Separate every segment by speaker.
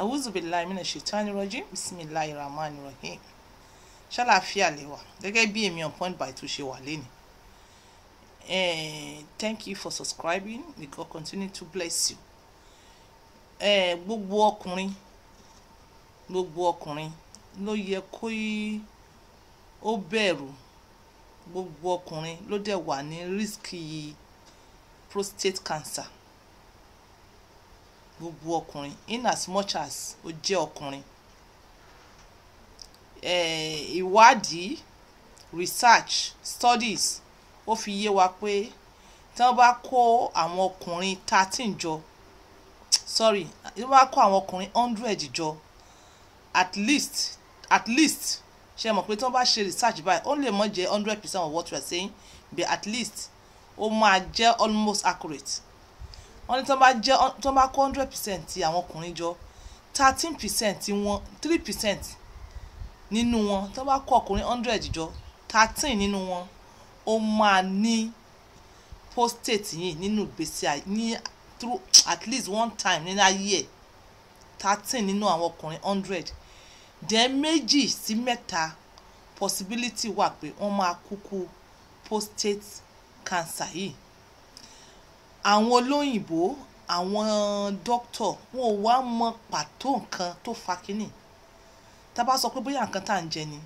Speaker 1: àwùzù billahi mina shaitani rajim bisimilahi rahman rahim ṣàlàáfíà lẹ́wà gẹ́gẹ́ bí èmi on point by two ṣe wà lẹ́nu. Eh, thank you for subscribing may God continue to bless you. Eh, gbogbo ọkùnrin gbogbo ọkùnrin ló yẹ kó ó bẹ̀rù gbogbo ọkùnrin ló dẹ̀ wà ní risk prostate cancer gbogbo ọkùnrin in as much as ó jẹ́ ọkùnrin ìwádìí research studies ó fi yé wa pé tí wọ́n bá kó àwọn ọkùnrin thirteen jọ sorry tí wọ́n bá kó àwọn ọkùnrin hundred jọ at least at least ṣe mọ̀ pé tí wọ́n bá ṣe research báyìí ó lè mọ̀ jẹ́ hundred percent of what we are saying but at least ó máa jẹ́ almost accurate wọ́n ní tí wọ́n bá jẹ́ tí wọ́n bá kó hundred percent ti àwọn ọkùnrin jọ thirteen percent ti wọn three percent nínú wọn tí wọ́n bá kó ọkùnrin hundred jọ thirteen nínú wọn ó máa ní prostate yìí nínú gbèsè ní through at least one time nínú ayé thirteen nínú àwọn ọkùnrin hundred then méjì sí mẹ́ta possibility wà pé wọ́n máa kúkú prostate cancer yìí àwọn olóyìnbó àwọn dókítọ̀ wọn ò wá mọ pàtó nǹkan tó fa kínní tá a bá sọ pé bóyá nǹkan tá à ń jẹ ni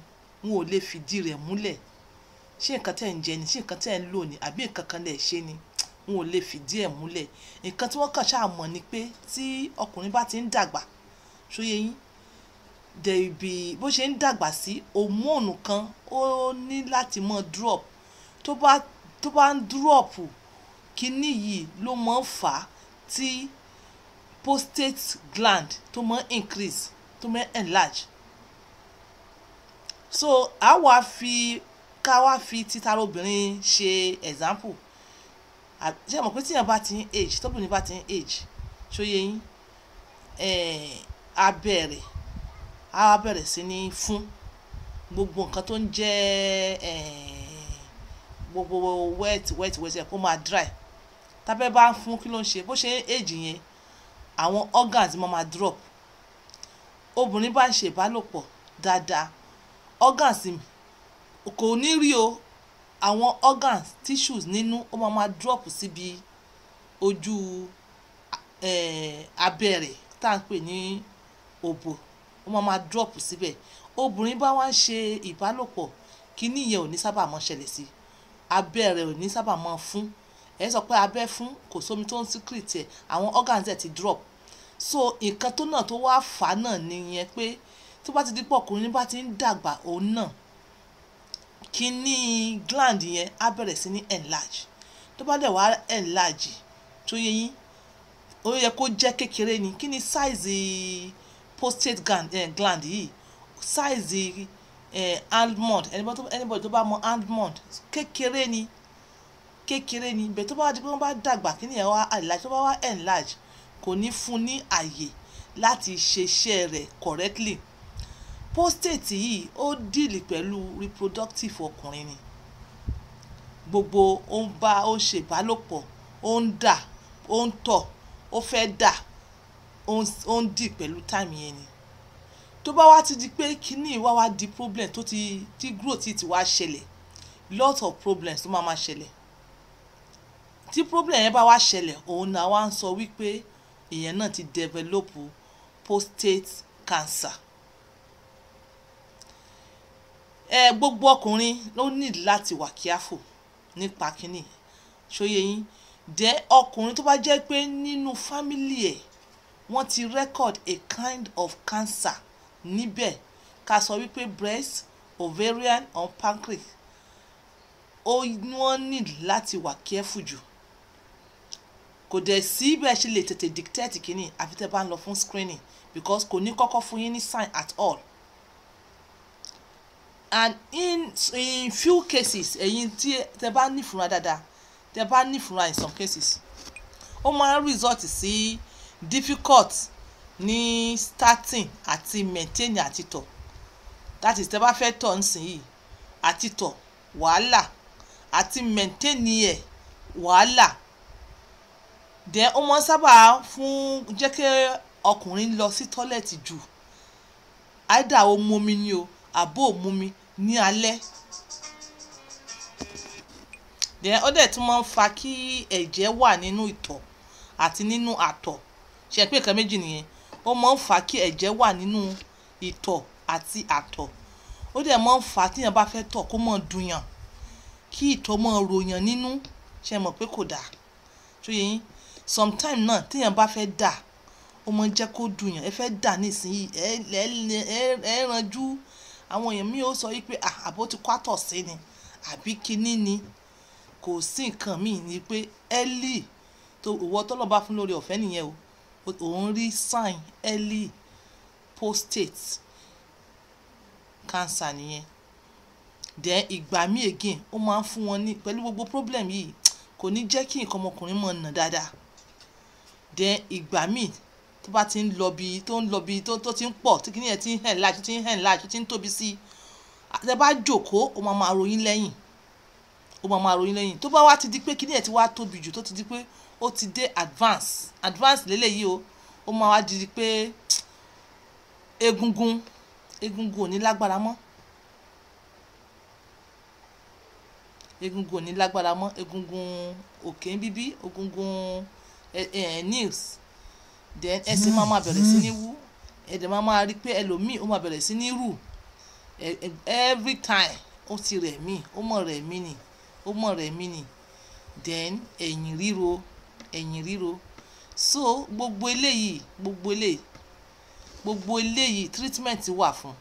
Speaker 1: wọn ò lè fìdí rẹ̀ múlẹ̀ ṣé nǹkan tẹ̀ ń jẹ ni ṣé nǹkan tẹ̀ ń lò ni àbí nǹkan kan lẹ̀ ṣe ni wọn ò lè fìdí ẹ̀ múlẹ̀ nǹkan tí wọ́n kàn ṣáà mọ̀ ni pé tí ọkùnrin bá ti ń dàgbà ṣóyè yín dẹ̀bi bó ṣe ń dàgbà sí hòmóònù kan ó ní láti mọ drop tó bá tó bá ń drop kinní yìí ló máa ń fà á tí prostate gland tó máa increase tó máa enlarge so a wá fi ká wá fi títara obìnrin ṣe example ṣé mọ̀ pé tíyàn bá ti ń age tóbìnrin bá ti ń age ṣóyè yín a bẹ̀rẹ̀ a bẹ̀rẹ̀ sí ní fún gbogbo nǹkan tó ń jẹ́ gbogbo wet wet wet kó máa dry tábẹ́ bá fún kí ló ń ṣe bó ṣe èjì yẹn àwọn organs máa máa drop obìnrin bá ń ṣe ìbálòpọ̀ dáadáa organs kò ní rí o àwọn organs tissues nínú ó máa máa drop síbi ojú eh, abẹ́rẹ́ tá à ń pè ní òbò ó máa máa drop síbẹ̀ obìnrin bá wá ń ṣe ìbálòpọ̀ kíní yẹn ò ní sábà máa ṣẹlẹ̀ sí abẹ́rẹ́ ò ní sábà máa fún ẹ sọ pé abẹ́ fún kò sómi tó ń secret ẹ̀ àwọn organs ẹ̀ ti drop so nǹkan tó náà tó wá fà á náà nìyẹn pé tó bá ti di pọ̀ ọkùnrin bá ti ń dàgbà òun náà kíní gland yẹn á bẹ̀rẹ̀ sí ní enlarge tó bá dẹ̀ wá enlarge tó yẹ yín ó yẹ kó jẹ́ kékeré ni kí size prostate gland eh, yìí size eh, almond anybody tó bá mọ almond kékeré ni kékeré ni ibẹ̀ tó bá di pé wọ́n bá dàgbà kí nìyẹn wá enlarge tó bá wá enlarge kò ní fún ní àyè láti ṣe iṣẹ́ rẹ̀ correctly prostate yìí ó dìlì pẹ̀lú reproductive ọkùnrin ni gbogbo ó ń bá ó ń ṣe ìbálòpọ̀ ó ń dà ó ń tọ̀ ó fẹ́ dà ó ń dì pẹ̀lú time yẹn ni tó bá wá ti di pé kíní wá wá di problem tó ti tí growth ti wá ṣẹlẹ̀ lot of problems ló máa máa ṣẹlẹ̀ tí problem yẹn bá wá ṣẹlẹ̀ òun náà wá ń sọ wípé ìyẹn náà ti develop prostate cancer. ẹ eh, gbogbo ọkùnrin ló ní láti wà kíáfò nípa kínní ṣóyè yín dẹ ọkùnrin tó bá jẹ́ pé nínú fámìlì ẹ̀ wọ́n ti record a kind of cancer níbẹ̀ ká sọ wípé breast ovarian or pancreas ó wọ́n ní láti wà kíáfù jù kò dẹ̀ sí bẹ́ẹ̀ ṣe lè tètè dictate kínní àfi tẹ́ bá ń lọ fún screening because kò ní kọ́kọ́ fún yín ní sign at all and in in few cases ẹ̀yin tí tẹ́ bá nífura dáadáa tẹ́ bá nífura in some cases ó máa ń result sí difficult ní starting àti maintain àti tọ̀ that is tẹ́ bá fẹ́ tọ̀ nísìnyí àti tọ̀ wàhálà àti maintaining ẹ̀ wàhálà dẹ ó mọ sábà fún jẹ́ kí ọkùnrin lọ sí tọ́lẹ̀tì jù àìdá ó mú mi ni o àbó ò mú mi ní alẹ́ dẹ ó dẹ̀ tún máa ń fa kí ẹ̀jẹ̀ wà nínú ìtọ̀ àti nínú àtọ̀ ṣe pé nǹkan méjì nìyẹn ó máa ń fa kí ẹ̀jẹ̀ wà nínú ìtọ̀ àti àtọ̀ ó dẹ̀ máa ń fa tíyàn bá fẹ́ tọ̀ kó máa dùnyàn kí ìtọ̀ máa ròyàn nínú ṣe mọ̀ pé kò dáa tó yẹ yín sometime náà téèyàn bá fẹ́ dà ó mọ jẹ́ kó dùn yàn ẹ fẹ́ dà nísìnyìí ẹ ẹ ẹ ranjú àwọn èèyàn mi ò sọ yìí pé àbó ti kó àtọ̀sí ni àbí kinní ni kò sí nǹkan míì ni pé early tó ìwọ tọ́lọ̀ bá fún lórí ọ̀fẹ́ nìyẹn o òun rí sign early prostate cancer nìyẹn then ìgbà míì again ó máa ń fún wọn ní pẹ̀lú gbogbo problem yìí kò ní jẹ́ kí nǹkan ọmọkùnrin mọ̀ nà dáadáa then ìgbà míì tó bá ti ń lọ bí tó ń lọ bí tó tó ti ń pọ̀ tí kìnìyẹn ti ń hàn láàjù ti ń hàn láàjù ti ń tóbi sí i àtẹ bá jòkó ó máa máa ròyìn lẹ́yìn ó máa máa ròyìn lẹ́yìn tó bá wá ti di pé kìnìyẹn ti wá tóbi jù tó ti di pé ó ti dé advance advance lélẹ́yìí o ó máa wá di pé egungun egungun ò ní lágbára mọ́ egungun ò ní lágbára mọ́ egungun òkè ń bíbí egungun. Okay, nails then ẹsẹ̀ máa máa bẹ̀rẹ̀ sí ní wú ẹ̀dẹ̀ máa máa rí pé ẹlòmíì ó máa bẹ̀rẹ̀ sí ní rù every time ó ti rẹ̀ mí ó mọ̀ rẹ̀ mí nì ó mọ̀ rẹ̀ mí nì then ẹ̀yìn ríro ẹ̀yìn ríro so gbogbo eléyìí gbogbo eléyìí gbogbo eléyìí treatment wà fún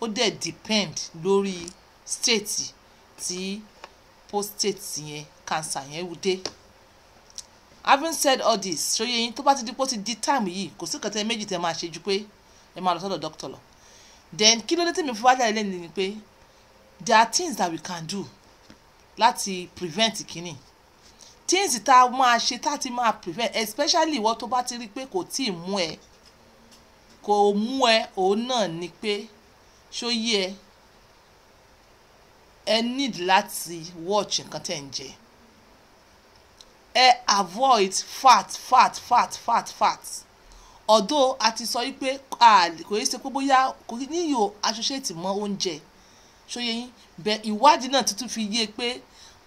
Speaker 1: ó dẹ̀ depend lórí state tí prostate yẹn cancer yẹn dé having said all this ṣòye yín tó bá ti di pé ó ti di time yìí kò sí kẹtẹ méjì tẹ máa ṣe ju pé ẹ máa lọ sọ́dọ̀ dókítà lọ then kí ló dé tèmi fún wájà ilé ni pé there are things that we can do láti prevent kínní things tá a máa ṣe tá a ti máa prevent especially ìwọ tó bá ti rí i pé kò tí ì mú ẹ kò mú ẹ òun náà ni pé ṣó ẹ need láti watch nǹkan tẹ̀ ń jẹ ẹ avoid fat fat fat fat fat although a ti sọ wípé kò yẹ ṣe pé bóyá kò níyò associate mọ́ oúnjẹ ṣóyẹ yín bẹ ìwádìí náà tuntun fi yé pé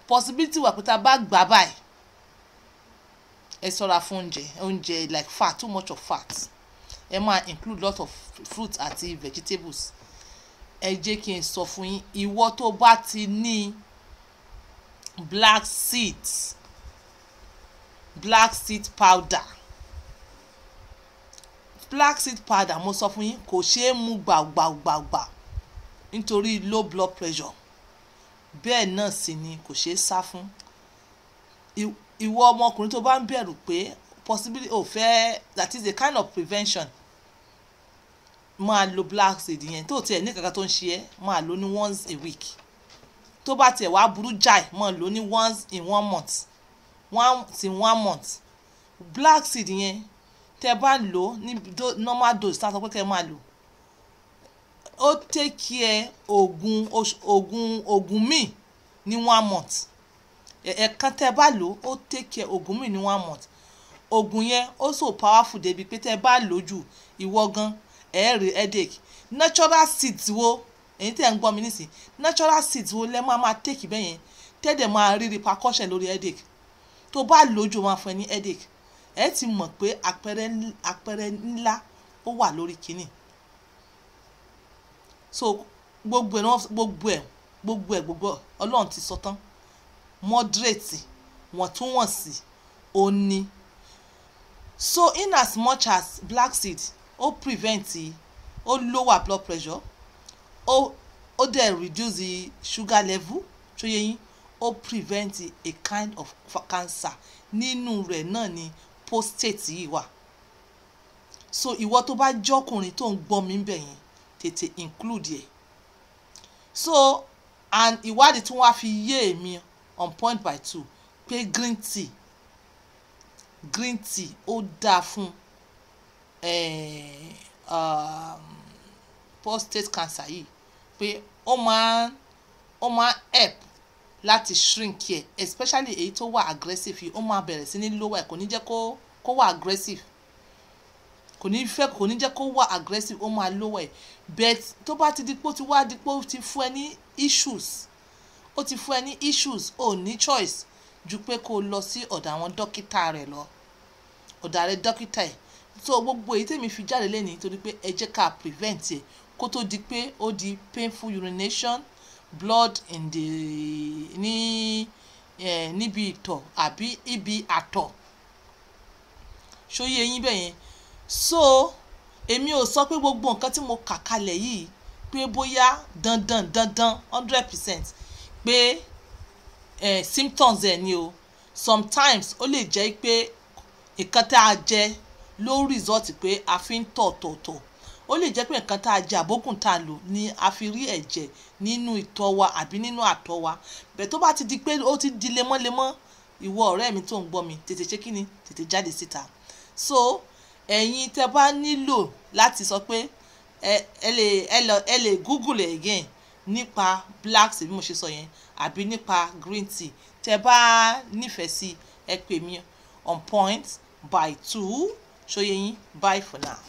Speaker 1: possibility wà pé tá a bá gbà báyìí ẹ ṣọ́ra fún oúnjẹ oúnjẹ like fat too much of fat ẹ máa include lot of fruits àti vegetables ẹ jẹ́ kí n sọ fún yín ìwọ tó bá ti ní black seeds black seed powder black seed powder mo sọ fún yín kò ṣeé mu gbàgbàgbàgbà nítorí low blood pressure bẹ́ẹ̀ náà sì ni kò ṣeé sá fún ìwọ ọmọkùnrin tó bá ń bẹ̀rù pé possibility ò fẹ́ that is a kind of prevention máa lo black seed yẹn tó tiẹ̀ ní kankan tó ń ṣe ẹ́ máa lo ní once a week tó bá tiẹ̀ wá burú jáì máa lo ní once in one month one till one month black seed yẹn tẹ́ bá lò ní normal dose tá a sọ pé kẹ́ máa lò ó take care oògùn oògùn oògùn míì ní one month ẹ̀ẹ̀kan tẹ́ bá lò ó take care oògùn míì ní one month oògùn yẹn ó so powerful débi pé tẹ́ bá lò jù ìwọ gan ẹ̀ rí headache natural seeds wo èyí tẹ́ ń gbọ́ mi nísìn natural seeds wo lẹ́ máa máa take bẹ́yẹn tẹ́ dẹ̀ máa rí repercussion lórí headache tó bá lójú wọn fún ẹ ní headache ẹ ti mọ̀ pé àpẹẹrẹ àpẹẹrẹ ńlá ó wà lórí kínní so gbogbo ẹ gbogbo ẹ gbogbo ẹ gbogbo ọlọ́run ti sọ tán moderate wọ̀ntúnwọ̀nsì ó so in as much as black seed ó prevent ó lower blood pressure ó ó dẹ̀ reduce the sugar level tó yẹ yín ó prevent a kind of cancer nínú rẹ̀ náà ni prostate yìí wà so ìwọ tó bá jọkùnrin tó ń gbọ́ ń bẹ̀ yẹn tètè include ẹ̀ so and ìwádìí tí wọ́n fi yé èmi on point by two pé green tea green tea ó dáa fún eh, um, prostate cancer yìí pé ó máa ó máa help láti shrink ẹ̀ especially èyí tó wà aggressive yìí ó máa bẹ̀rẹ̀ sí ní lower ẹ̀ kò ní jẹ́ kó wà aggressive kò ní fẹ́ kò ní jẹ́ kó wà aggressive ó máa lower ẹ̀ but tó bá ti dipò ti wá dipò ti fún ẹ ní issues ó ti fún ẹ ní issues ò ní choice ju pé kó o lọ sí ọ̀dọ̀ àwọn dókítà rẹ̀ lọ ọ̀dọ̀ rẹ̀ dókítà ẹ̀ so gbogbo èyí tèmi fi jáde lẹ́ni torí pé ẹ jẹ́ ká prevent ẹ̀ kó tó di pé ó di painful urination blood in the ní eh, níbi ìtọ̀ àbí ibi àtọ̀ ṣóyè yín bẹ́yẹn so èmi ò sọ pé gbogbo nǹkan tí mo kà kalẹ̀ yìí pé bóyá dandan dandan hundred percent pé eh, symptoms ẹ̀ ni o sometimes ó lè jẹ́ pé nǹkan tá a jẹ ló result pé a fi ń tọ̀ tọ̀ tọ̀ ó lè jẹ́ pé nǹkan tá a jẹ àbógùn tá a lò ni a fi rí ẹ̀jẹ̀ nínú ìtọ̀ wa àbí nínú àtọ̀ wa bẹ́ẹ̀ tó bá ti di pé ó ti di lemọ́lemọ́ ìwọ ọ̀rẹ́ mi tó ń gbọ́ mi tètè ṣe kíni tètè jáde síta so ẹ̀yin tẹ́ bá nílò láti sọ pé ẹ lè google ẹ̀ again nípa black tea bí mo ṣe sọ yẹn àbí nípa green tea tẹ́ bá nífẹ̀ẹ́ sí ẹ pè mí on point by two ṣóyẹyìn bye for now.